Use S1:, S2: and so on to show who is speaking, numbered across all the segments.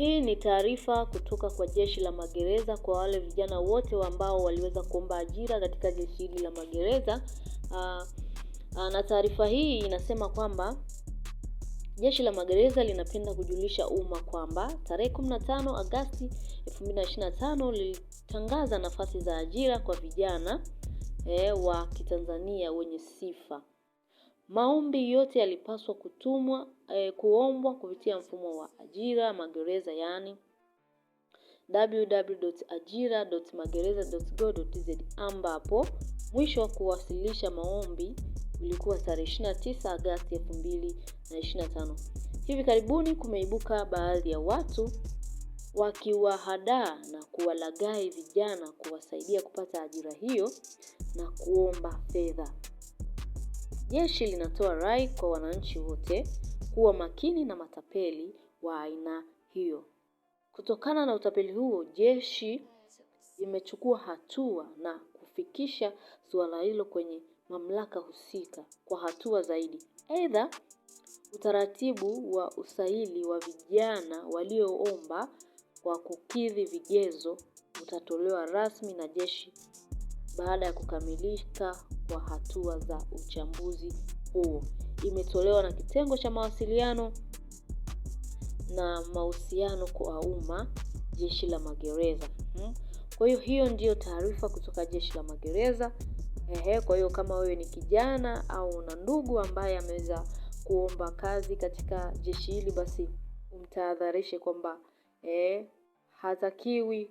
S1: Hii ni taarifa kutoka kwa Jeshi la Magereza kwa wale vijana wote ambao waliweza kuomba ajira katika jeshi hili la magereza. Aa, ah, ah, na taarifa hii inasema kwamba Jeshi la Magereza linapenda kujulisha umma kwamba tarehe 15 Agasti 2025 lilitangaza nafasi za ajira kwa vijana e, wa Kitanzania wenye sifa. Maombi yote yalipaswa kutumwa e, kuombwa kupitia mfumo wa ajira magereza, yani www.ajira.magereza.go.tz ambapo mwisho wa kuwasilisha maombi ulikuwa tarehe 29 Agasti 2025. Hivi karibuni kumeibuka baadhi ya watu wakiwahadaa na kuwalagai vijana kuwasaidia kupata ajira hiyo na kuomba fedha. Jeshi linatoa rai kwa wananchi wote kuwa makini na matapeli wa aina hiyo. Kutokana na utapeli huo, jeshi limechukua hatua na kufikisha suala hilo kwenye mamlaka husika kwa hatua zaidi. Aidha, utaratibu wa usaili wa vijana walioomba kwa kukidhi vigezo utatolewa rasmi na jeshi baada ya kukamilika kwa hatua za uchambuzi huo. Imetolewa na kitengo cha mawasiliano na mahusiano kwa umma, jeshi la magereza. Hmm. Kwa hiyo hiyo ndiyo taarifa kutoka jeshi la magereza. Ehe, kwa hiyo kama wewe ni kijana au una ndugu ambaye ameweza kuomba kazi katika jeshi hili, basi umtahadharishe kwamba eh, hatakiwi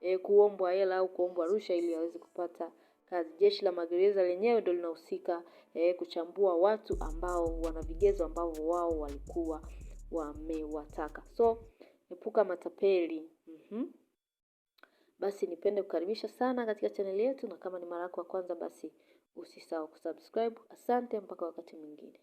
S1: eh, kuombwa hela au kuombwa rusha ili aweze kupata kazi. Jeshi la magereza lenyewe ndio linahusika eh, kuchambua watu ambao wana vigezo ambavyo wao walikuwa wamewataka. So epuka matapeli. Mm-hmm. Basi nipende kukaribisha sana katika chaneli yetu, na kama ni mara yako ya kwanza, basi usisahau kusubscribe. Asante, mpaka wakati mwingine.